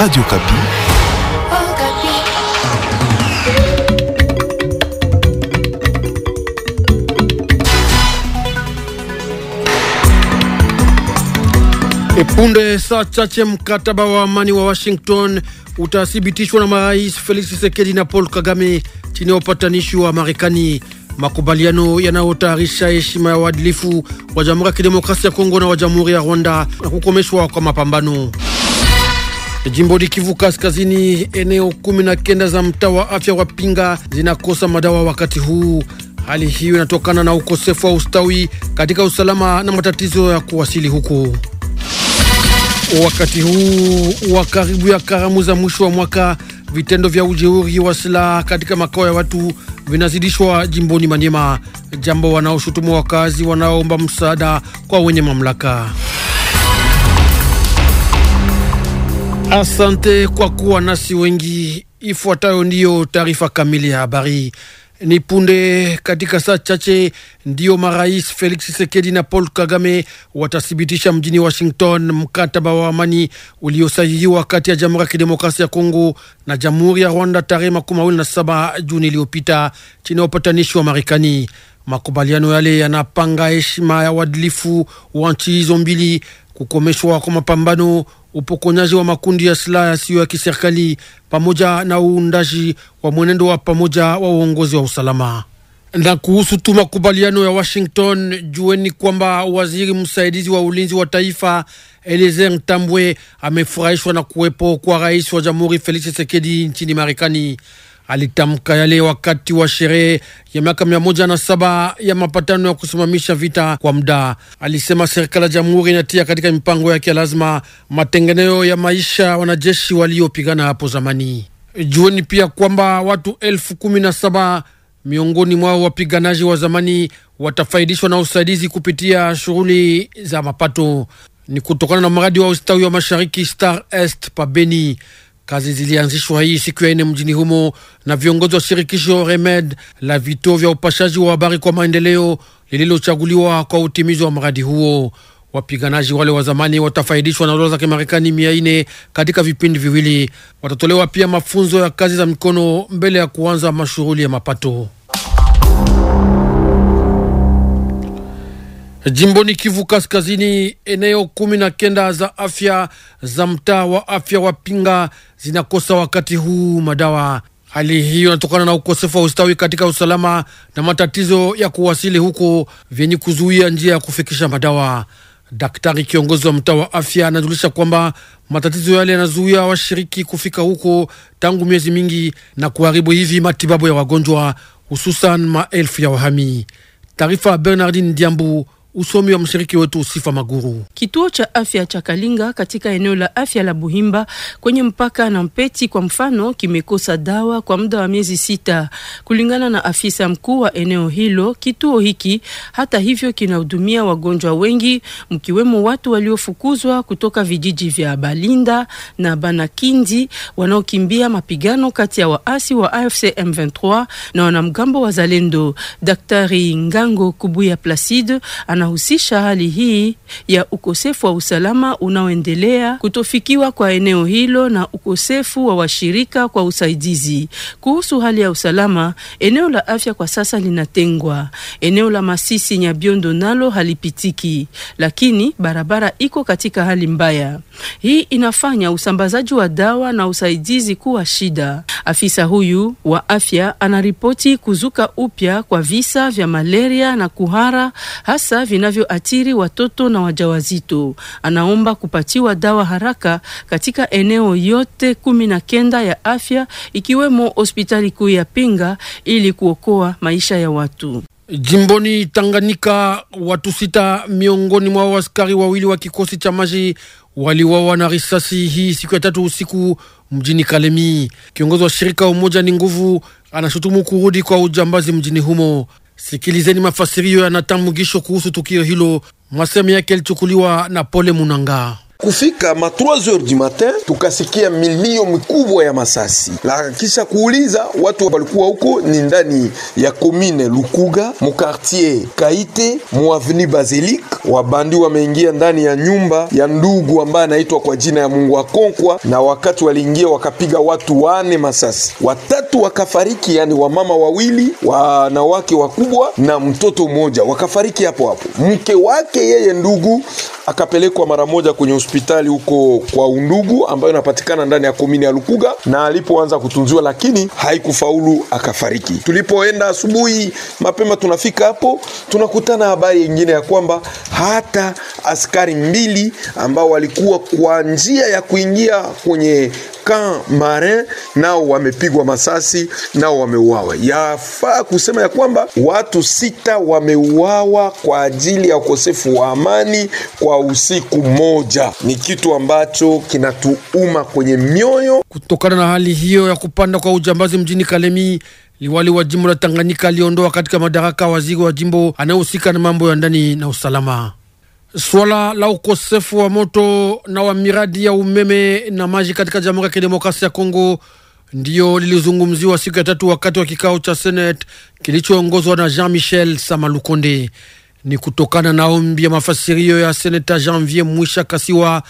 Radio Kapi. Epunde saa chache mkataba wa amani wa Washington utathibitishwa na marais Felix Tshisekedi na Paul Kagame chini ya upatanishi wa Marekani. Makubaliano yanayotayarisha heshima ya waadilifu wa Jamhuri ya Kidemokrasia ya Kongo na wa Jamhuri ya Rwanda na kukomeshwa kwa mapambano. Jimbo la Kivu Kaskazini, eneo kumi na kenda za mtaa wa afya wa Pinga zinakosa madawa wakati huu. Hali hiyo inatokana na ukosefu wa ustawi katika usalama na matatizo ya kuwasili huku Wakati huu wa karibu ya karamu za mwisho wa mwaka, vitendo vya ujeuri wa silaha katika makao ya watu vinazidishwa jimboni Manyema, jambo wanaoshutumu wakazi wanaoomba msaada kwa wenye mamlaka. Asante kwa kuwa nasi wengi. Ifuatayo ndiyo taarifa kamili ya habari. Ni punde katika saa chache ndiyo marais Felix Tshisekedi na Paul Kagame watathibitisha mjini Washington mkataba wa amani uliosainiwa kati ya Jamhuri ya Kidemokrasia ya Kongo na Jamhuri ya Rwanda tarehe makumi mawili na saba Juni iliyopita chini ya upatanishi wa Marekani. Makubaliano yale yanapanga heshima ya uadilifu wa nchi hizo mbili, kukomeshwa kwa mapambano upokonyaji wa makundi ya silaha yasiyo ya kiserikali pamoja na uundaji wa mwenendo wa pamoja wa uongozi wa usalama. Na kuhusu tu makubaliano ya Washington, jueni kwamba waziri msaidizi wa ulinzi wa taifa Eliezer Ntambwe amefurahishwa na kuwepo kwa rais wa jamhuri Felix Tshisekedi nchini Marekani alitamka yale wakati wa sherehe ya miaka mia moja na saba ya mapatano ya kusimamisha vita kwa muda. Alisema serikali ya jamhuri inatia katika mipango yake ya lazima matengeneo ya maisha wanajeshi waliopigana hapo zamani. Jueni pia kwamba watu elfu kumi na saba miongoni mwao wapiganaji wa zamani watafaidishwa na usaidizi kupitia shughuli za mapato, ni kutokana na mradi wa ustawi wa mashariki Star Est pabeni. Kazi zilianzishwa hii siku ya ine mjini humo na viongozi wa shirikisho Remed la vituo vya upashaji wa habari kwa maendeleo lililochaguliwa kwa utimizi wa mradi huo. Wapiganaji wale wa zamani watafaidishwa na dola za Kimarekani mia ine katika vipindi viwili. Watatolewa pia mafunzo ya kazi za mikono mbele ya kuanza mashughuli ya mapato. Jimboni Kivu Kaskazini, eneo kumi na kenda za afya za mtaa wa afya wa Pinga zinakosa wakati huu madawa. Hali hiyo inatokana na ukosefu wa ustawi katika usalama na matatizo ya kuwasili huko vyenye kuzuia njia ya kufikisha madawa. Daktari kiongozi wa mtaa wa afya anajulisha kwamba matatizo yale yanazuia washiriki kufika huko tangu miezi mingi na kuharibu hivi matibabu ya wagonjwa, hususan maelfu ya wahami. Taarifa Bernardin Diambu. Usomi wa mshiriki wetu Usifa Maguru. Kituo cha afya cha Kalinga katika eneo la afya la Buhimba kwenye mpaka na Mpeti kwa mfano kimekosa dawa kwa muda wa miezi sita, kulingana na afisa mkuu wa eneo hilo. Kituo hiki hata hivyo kinahudumia wagonjwa wengi, mkiwemo watu waliofukuzwa kutoka vijiji vya Balinda na Banakindi wanaokimbia mapigano kati ya waasi wa AFC M23 na wanamgambo wa Zalendo. Daktari Ngango Kubuya Placide ana linahusisha hali hii ya ukosefu wa usalama unaoendelea, kutofikiwa kwa eneo hilo na ukosefu wa washirika kwa usaidizi. Kuhusu hali ya usalama, eneo la afya kwa sasa linatengwa. Eneo la Masisi Nyabiondo nalo halipitiki, lakini barabara iko katika hali mbaya. Hii inafanya usambazaji wa dawa na usaidizi kuwa shida. Afisa huyu wa afya anaripoti kuzuka upya kwa visa vya malaria na kuhara hasa zinavyoathiri watoto na wajawazito. Anaomba kupatiwa dawa haraka katika eneo yote kumi na kenda ya afya ikiwemo hospitali kuu ya Pinga ili kuokoa maisha ya watu. Jimboni Tanganyika, watu sita miongoni mwa askari wawili wa kikosi cha maji waliwawa na risasi hii siku ya tatu usiku mjini Kalemi. Kiongozi wa shirika Umoja ni Nguvu anashutumu kurudi kwa ujambazi mjini humo. Sikilizeni mafasirio ya Mugisho kuhusu tukio hilo, masemi yake yalichukuliwa na Pole Munanga. Kufika ma 3h du matin, tukasikia milio mikubwa ya masasi, la kisha kuuliza watu walikuwa huko ni ndani ya komine Lukuga mukartier Kaite muaveni Basilique. Wabandi wameingia ndani ya nyumba ya ndugu ambaye anaitwa kwa jina ya Mungu Akonkwa, na wakati waliingia wakapiga watu wane masasi, watatu wakafariki, yani wamama wawili, wanawake wakubwa na mtoto mmoja wakafariki hapo hapo. Mke wake yeye ndugu akapelekwa mara moja kwenye hospitali huko kwa Undugu ambayo inapatikana ndani ya komini ya Lukuga, na alipoanza kutunziwa lakini haikufaulu akafariki. Tulipoenda asubuhi mapema, tunafika hapo tunakutana habari nyingine ya kwamba hata askari mbili ambao walikuwa kwa njia ya kuingia kwenye kan Marin nao wamepigwa masasi nao wameuawa. Yafaa kusema ya kwamba watu sita wameuawa kwa ajili ya ukosefu wa amani kwa usiku moja. Ni kitu ambacho kinatuuma kwenye mioyo. Kutokana na hali hiyo ya kupanda kwa ujambazi mjini Kalemi, liwali wa jimbo la Tanganyika aliondoa katika madaraka waziri wa jimbo anayehusika na mambo ya ndani na usalama. Swala la ukosefu wa moto na wa miradi ya umeme na maji katika Jamhuri ya Kidemokrasia ya Kongo ndiyo lilizungumziwa siku ya tatu wakati wa kikao cha Senate kilichoongozwa na Jean Michel Samalukonde. Ni kutokana na ombi ya mafasirio ya seneta Janvier Mwisha Kasiwa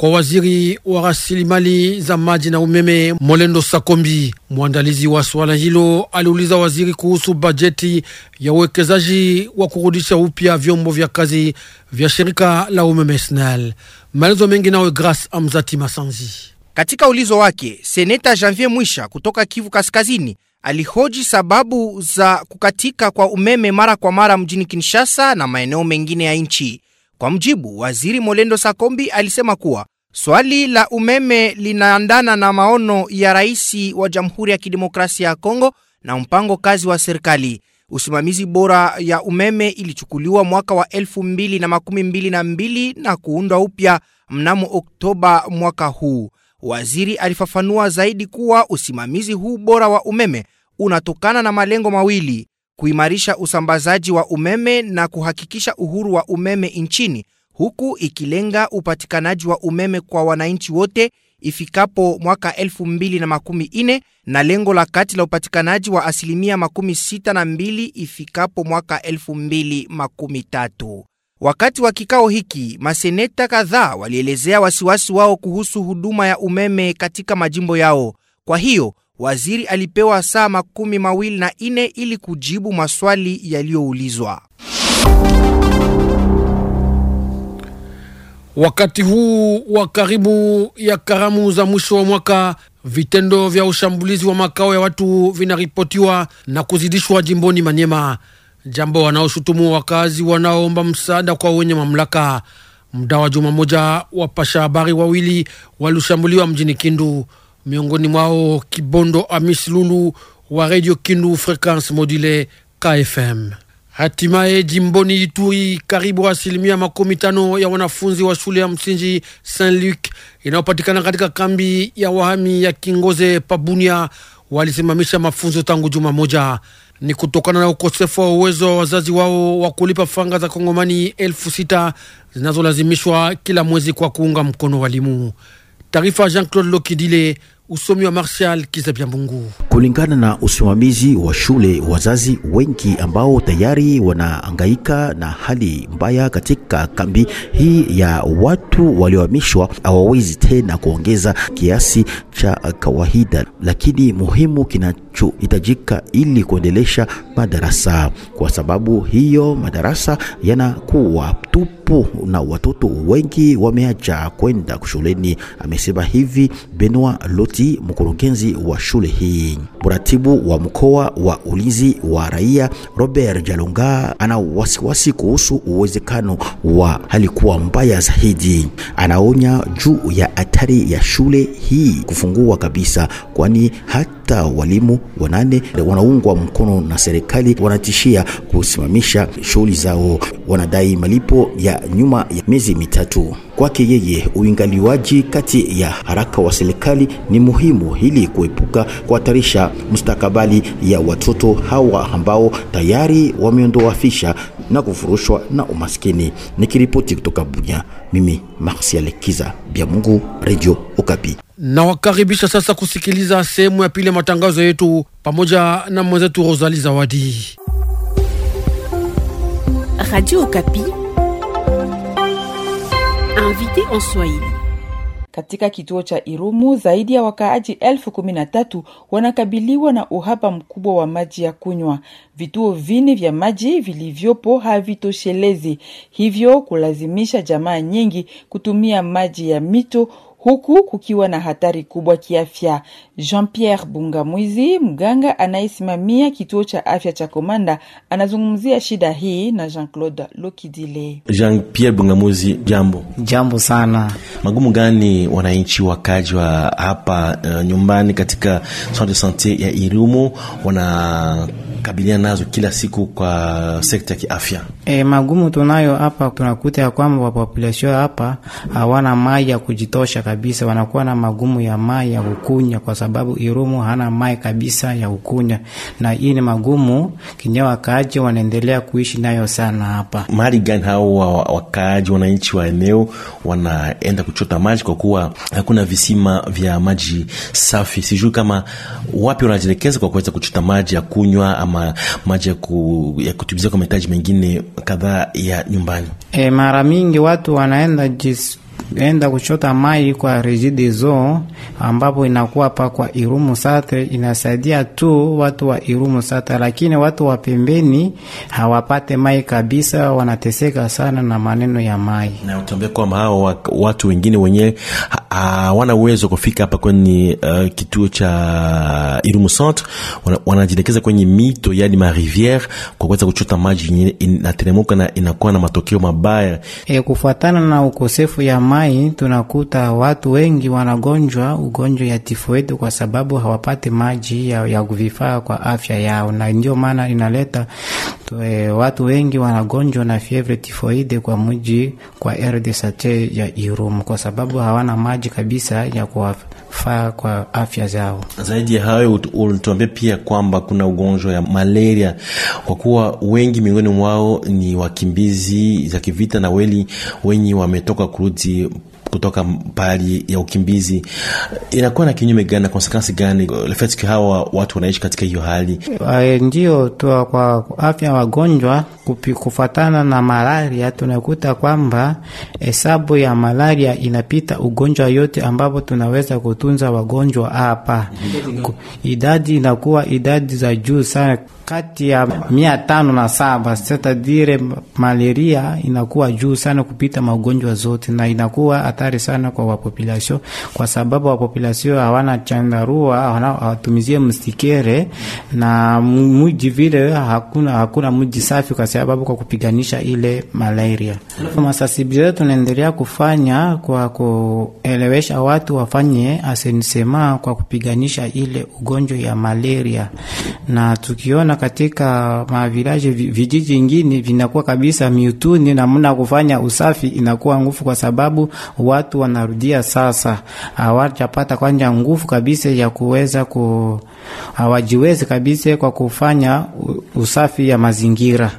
kwa waziri wa rasilimali za maji na umeme Molendo Sakombi. Mwandalizi wa suala hilo aliuliza waziri kuhusu bajeti ya uwekezaji wa kurudisha upya vyombo vya kazi vya shirika la umeme SNEL. Maelezo mengi nawe Grace Amzati Masanzi. Katika ulizo wake, seneta Janvier Mwisha kutoka Kivu Kaskazini alihoji sababu za kukatika kwa umeme mara kwa mara mjini Kinshasa na maeneo mengine ya nchi. Kwa mjibu waziri Molendo Sakombi, alisema kuwa Swali la umeme linaandana na maono ya rais wa Jamhuri ya Kidemokrasia ya Kongo na mpango kazi wa serikali. Usimamizi bora ya umeme ilichukuliwa mwaka wa 2022 na, na kuundwa upya mnamo Oktoba mwaka huu. Waziri alifafanua zaidi kuwa usimamizi huu bora wa umeme unatokana na malengo mawili: kuimarisha usambazaji wa umeme na kuhakikisha uhuru wa umeme nchini huku ikilenga upatikanaji wa umeme kwa wananchi wote ifikapo mwaka 2014 na lengo la kati la upatikanaji wa asilimia 62 ifikapo mwaka 2013. Wakati wa kikao hiki, maseneta kadhaa walielezea wasiwasi wao kuhusu huduma ya umeme katika majimbo yao. Kwa hiyo waziri alipewa saa makumi mawili na ine ili kujibu maswali yaliyoulizwa. Wakati huu wa karibu ya karamu za mwisho wa mwaka, vitendo vya ushambulizi wa makao ya watu vinaripotiwa na kuzidishwa jimboni Manyema, jambo wanaoshutumu wakazi wanaoomba msaada kwa wenye mamlaka. Mda wa juma moja, wapasha habari wawili walishambuliwa mjini Kindu, miongoni mwao Kibondo Amis Lulu wa Radio Kindu Frequence Module KFM. Hatimaye jimboni Ituri, karibu asilimia makumi tano ya wanafunzi wa shule ya msingi Saint Luc inayopatikana katika kambi ya wahami ya Kingoze Pabunia walisimamisha mafunzo tangu juma moja. Ni kutokana na ukosefu wa uwezo wa wazazi wao wa kulipa fanga za kongomani elfu sita zinazolazimishwa kila mwezi kwa kuunga mkono walimu. Taarifa Jean Claude Lokidile Usomi wa Marshal Kizabia Mungu. Kulingana na usimamizi wa shule, wazazi wengi ambao tayari wanaangaika na hali mbaya katika kambi hii ya watu waliohamishwa hawawezi tena kuongeza kiasi cha kawaida, lakini muhimu kinachohitajika ili kuendelesha madarasa. Kwa sababu hiyo, madarasa yanakuwa tupu na watoto wengi wameacha kwenda shuleni. Amesema hivi Benoit Loti, mkurugenzi wa shule hii. Mratibu wa mkoa wa ulinzi wa raia Robert Jalunga ana wasiwasi kuhusu uwezekano wa hali kuwa mbaya zaidi. Anaonya juu ya hatari ya shule hii kufungu kupungua kabisa, kwani hata walimu wanane wanaungwa mkono na serikali wanatishia kusimamisha shughuli zao, wanadai malipo ya nyuma ya miezi mitatu. Kwake yeye, uingaliwaji kati ya haraka wa serikali ni muhimu ili kuepuka kuhatarisha mustakabali ya watoto hawa ambao tayari wameondoafisha na kufurushwa na umaskini. Nikiripoti kutoka Bunya, mimi Marsial Kiza Bya Mungu, Radio Okapi na wakaribisha sasa kusikiliza sehemu ya pili ya matangazo yetu pamoja na mwenzetu Rosali Zawadi. Radio invité en Swahili. Katika kituo cha Irumu zaidi ya wakaaji elfu kumi na tatu wanakabiliwa na uhaba mkubwa wa maji ya kunywa. Vituo vini vya maji vilivyopo havitoshelezi, hivyo kulazimisha jamaa nyingi kutumia maji ya mito huku kukiwa na hatari kubwa kiafya. Jean Pierre Bungamwizi, mganga anayesimamia kituo cha afya cha Komanda, anazungumzia shida hii na Jean Claude lukidile Jean Pierre Bungamwizi, jambo. Jambo sana. Magumu gani wananchi wakajwa hapa uh, nyumbani katika centre de sante ya Irumu wana mnakabiliana nazo kila siku kwa sekta ya kiafya? E, magumu tunayo hapa, tunakuta ya kwamba wapopulasio hapa hawana mai ya kujitosha kabisa, wanakuwa na magumu ya mai ya kukunya, kwa sababu Irumu hana mai kabisa ya kukunya, na hii ni magumu kinyaa wakaaji wanaendelea kuishi nayo sana hapa. Mahali gani hao wakaaji, wananchi wa eneo wanaenda kuchota maji, kwa kuwa hakuna visima vya maji safi? Sijui kama wapi wanajielekeza kwa kuweza kuchota maji ya kunywa ama maji ya kutubizia kwa mahitaji mengine kadhaa ya nyumbani? E, mara mingi watu wanaenda jis enda kuchota mai kwa Regideso ambapo inakuwa pa kwa Irumu Sate, inasaidia tu watu wa Irumu Sate, lakini watu wa pembeni hawapate mai kabisa, wanateseka sana na maneno ya mai. Na utambia kwa hao watu wengine wenyewe Ah, hawana uwezo kufika hapa kwenye uh, kituo cha Irumu Centre, wanajidekeza wana kwenye mito yani mariviere kwa kuweza kuchota maji yenye inateremuka na inakuwa na matokeo mabaya. E, kufuatana na ukosefu ya mai, tunakuta watu wengi wanagonjwa ugonjwa ya typhoid kwa sababu hawapati maji ya, ya vifaa kwa afya yao, na ndio maana inaleta e, watu wengi wanagonjwa na fievre tifoide kwa muji kwa RDST ya irum kwa sababu hawana maji kabisa ya kuwafaa kwa afya zao. Zaidi ya hayo, ulituambia pia kwamba kuna ugonjwa ya malaria, kwa kuwa wengi miongoni mwao ni wakimbizi za kivita na weli wenye wametoka kurudi kutoka pahali ya ukimbizi inakuwa na kinyume gani na konsekansi gani lefetiki hawa watu wanaishi katika hiyo hali? Eh, ndio toa kwa afya wagonjwa kufatana na malaria, tunakuta kwamba hesabu ya malaria inapita ugonjwa yote ambapo tunaweza kutunza wagonjwa hapa, idadi inakuwa idadi za juu sana kati ya mia tano na saba setadire, malaria inakuwa juu sana kupita magonjwa zote, na inakuwa hatari sana kwa wapopulasio, kwa sababu wapopulasio hawana chandarua, hawatumizie mstikere na muji vile, hakuna hakuna mji safi, kwa sababu kwa kupiganisha ile malaria. Masasibilizo tunaendelea kufanya kwa kuelewesha watu wafanye asenisema kwa kupiganisha ile ugonjwa ya malaria, na tukiona katika mavilaje vijiji ingine vinakuwa kabisa miutuni, namna kufanya usafi inakuwa ngufu kwa sababu watu wanarudia sasa, hawajapata kwanja ngufu kabisa ya kuweza ku, hawajiwezi kabisa kwa kufanya usafi ya mazingira.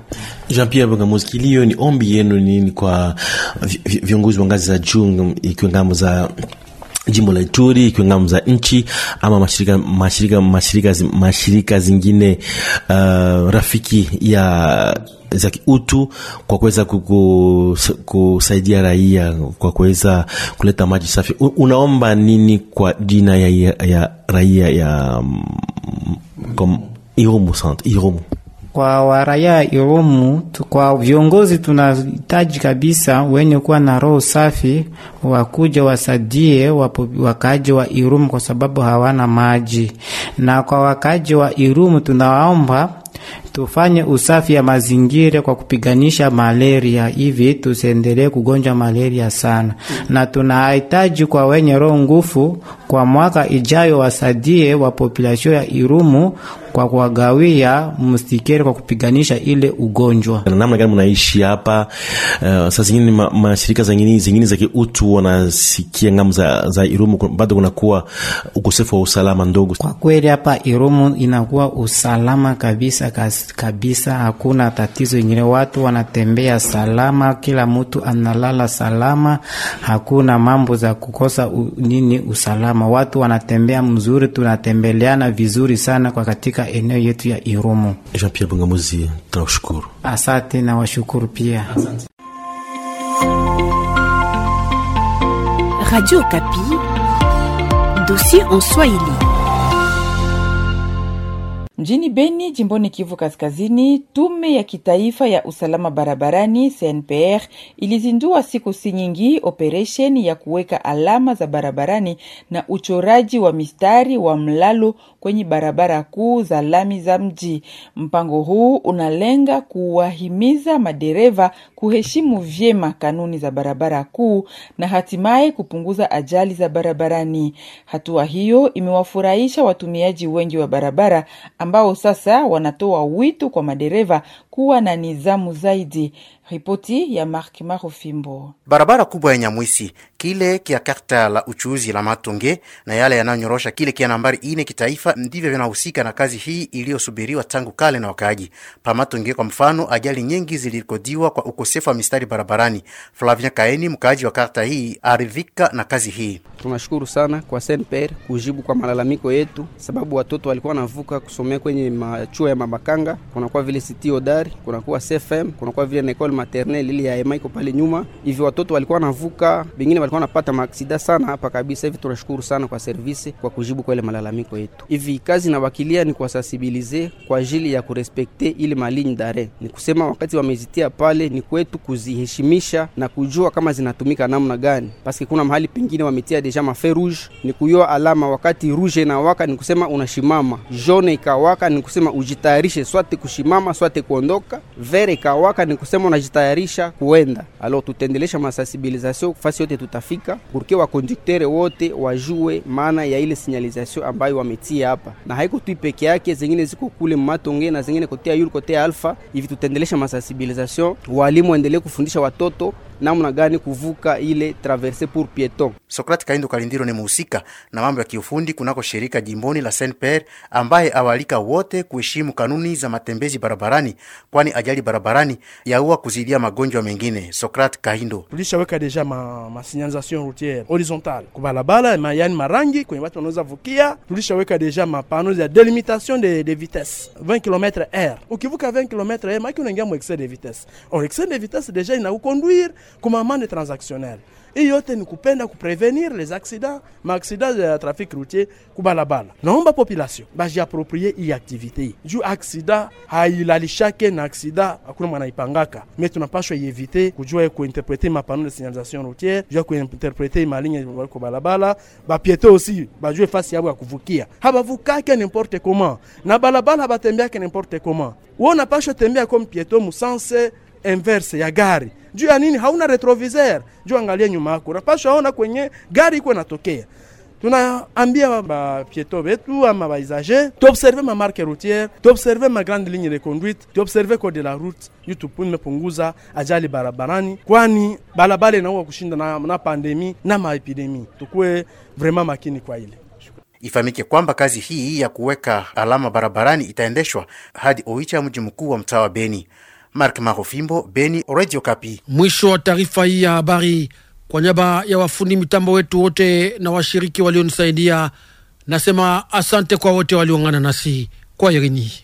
Jean Pierre Bagamoskilio, ni ombi yenu nini kwa viongozi wa ngazi za juu ikiwengamo za jimbo la Ituri ikiwa ngamu za nchi ama mashirika, mashirika, mashirika, mashirika zingine uh, rafiki ya za kiutu kwa kuweza kusaidia raia kwa kuweza kuleta maji safi. Unaomba nini kwa jina ya, ya raia ya um, Irumu, Irumu kwa waraya Irumu tu, kwa viongozi tunahitaji kabisa wenye kuwa na roho safi wakuja wasadie wakaji wa Irumu kwa sababu hawana maji, na kwa wakaji wa Irumu tunawaomba tufanye usafi ya mazingira kwa kupiganisha malaria, hivi tusiendelee kugonja malaria sana. Na tunahitaji kwa wenye roho ngufu, kwa mwaka ijayo wasadie wa populasio ya Irumu kwa kuwagawia mstikeri kwa kupiganisha ile ugonjwa. Namna gani mnaishi hapa? Uh, eh, sasa zingine ma, mashirika zingine zingine za kiutu wanasikia ngamu za, za Irumu bado kunakuwa ukosefu wa usalama ndogo. Kwa kweli hapa Irumu inakuwa usalama kabisa kabisa, hakuna tatizo ingine, watu wanatembea salama, kila mtu analala salama, hakuna mambo za kukosa u, nini usalama, watu wanatembea mzuri, tunatembeleana vizuri sana kwa katika katika eneo yetu ya Irumu. Jean Pierre Bungamuzi, tunashukuru. Asante na washukuru pia. Radio Kapi, dossier en Swahili. Mjini Beni, jimboni Kivu Kaskazini, tume ya kitaifa ya usalama barabarani CNPR ilizindua siku si nyingi operesheni ya kuweka alama za barabarani na uchoraji wa mistari wa mlalo kwenye barabara kuu za lami za mji. Mpango huu unalenga kuwahimiza madereva kuheshimu vyema kanuni za barabara kuu na hatimaye kupunguza ajali za barabarani. Hatua hiyo imewafurahisha watumiaji wengi wa barabara ambao sasa wanatoa wito kwa madereva kuwa na nidhamu zaidi. Ripoti ya Mark Marofimbo. Barabara kubwa ya Nyamwisi, kile kia karta la uchuuzi la Matonge na yale yanayonyorosha kile kia nambari ine kitaifa, ndivyo vinahusika na kazi hii iliyosubiriwa tangu kale na wakaaji pa Matonge. Kwa mfano, ajali nyingi zilirekodiwa kwa ukosefu wa mistari barabarani. Flavien Kaeni, mkaaji wa karta hii, aridhika na kazi hii. Tunashukuru sana kwa Senper kujibu kwa malalamiko yetu, sababu watoto walikuwa wanavuka kusomea kwenye machuo ya mabakanga, kunakuwa vile sitio da sekondari, kunakuwa CFM, kunakuwa vile na ekole maternel ile ya ema iko pale nyuma Hivyo Watoto walikuwa wanavuka, bengine walikuwa wanapata maksida sana hapa kabisa hivi. Tunashukuru sana kwa servisi kwa kujibu kwa ile malalamiko yetu. Hivi kazi nawakilia ni kuwasensibilize kwa ajili ya kurespekte ile maligne dare, ni kusema wakati wamezitia pale ni kwetu kuziheshimisha na kujua kama zinatumika namna gani, paske kuna mahali pengine wametia deja mafe rouge, ni kuyoa alama wakati rouge na waka, ni kusema unashimama, jaune ikawaka, ni kusema ujitayarishe swate kushimama swate kuondoka kuondoka vere ikawaka, ni kusema unajitayarisha kuenda. Alo, tutaendelesha masensibilisation fasi yote tutafika, kurke wa wote wajue maana ya ile sinyalizasio ambayo wametia hapa, na haiko tu peke yake, zingine ziko kule Matonge na zingine kotea yulu kotea Alfa. Hivi tutaendelesha masensibilisation, walimu waendelee kufundisha watoto namna gani kuvuka ile traverse pour pieton. Sokrate Kaindo Kalindiro ni muhusika na mambo ya kiufundi kunako shirika jimboni la Saint Pierre, ambaye awalika wote kuheshimu kanuni za matembezi barabarani, kwani ajali barabarani yaua kuzidia magonjwa mengine. Sokrate Kaindo: tulishaweka deja ma, ma signalisation routiere horizontal kubalabala ma yani marangi kwenye watu wanaweza vukia. Tulishaweka deja ma panneaux ya delimitation de, de vitesse 20 km/h. Ukivuka 20 km/h maki unaingia mu excès de vitesse, or excès de vitesse deja inakuconduire kumamani transactionnel hii yote ni kupenda kuprevenir les accidents de de trafic routier la Dans Naomba population bajiaproprie y activité juu accident hailalishake na aksida hakuna mwanaipangaka me, tunapashwa ievite kujua ma panneau de signalisation routière, ma ligne kuinterprete la ko balabala. Bapiete aussi bajue fasi yabo ya kuvukia, habavukake nimporte comment na balabala habatembeake nimporte comment. Wo napashwa comme komu pieto musanse inverse ya gare. juu ya nini? Hauna retroviseur, juu angalia nyuma yako, unapaswa ona kwenye gari iko inatokea. Tunaambia bapieto wetu ama baisage tuobserve mamarke routiere, ma grande ligne de conduite, observe code de la route youtube imepunguza ajali barabarani, kwani balabale inaua kushinda na, na pandemi na maepidemi. Tukue vraiment makini kwa ile Ifahamike kwamba kazi hii ya kuweka alama barabarani itaendeshwa hadi Oicha, mji mkuu wa mtaa wa Beni. Mark Marofimbo, Beni, Radio Kapi. Mwisho wa taarifa hii ya habari. Kwa niaba ya wafundi mitambo wetu wote na washiriki walionisaidia, nasema asante kwa wote walioungana nasi kwa Irini.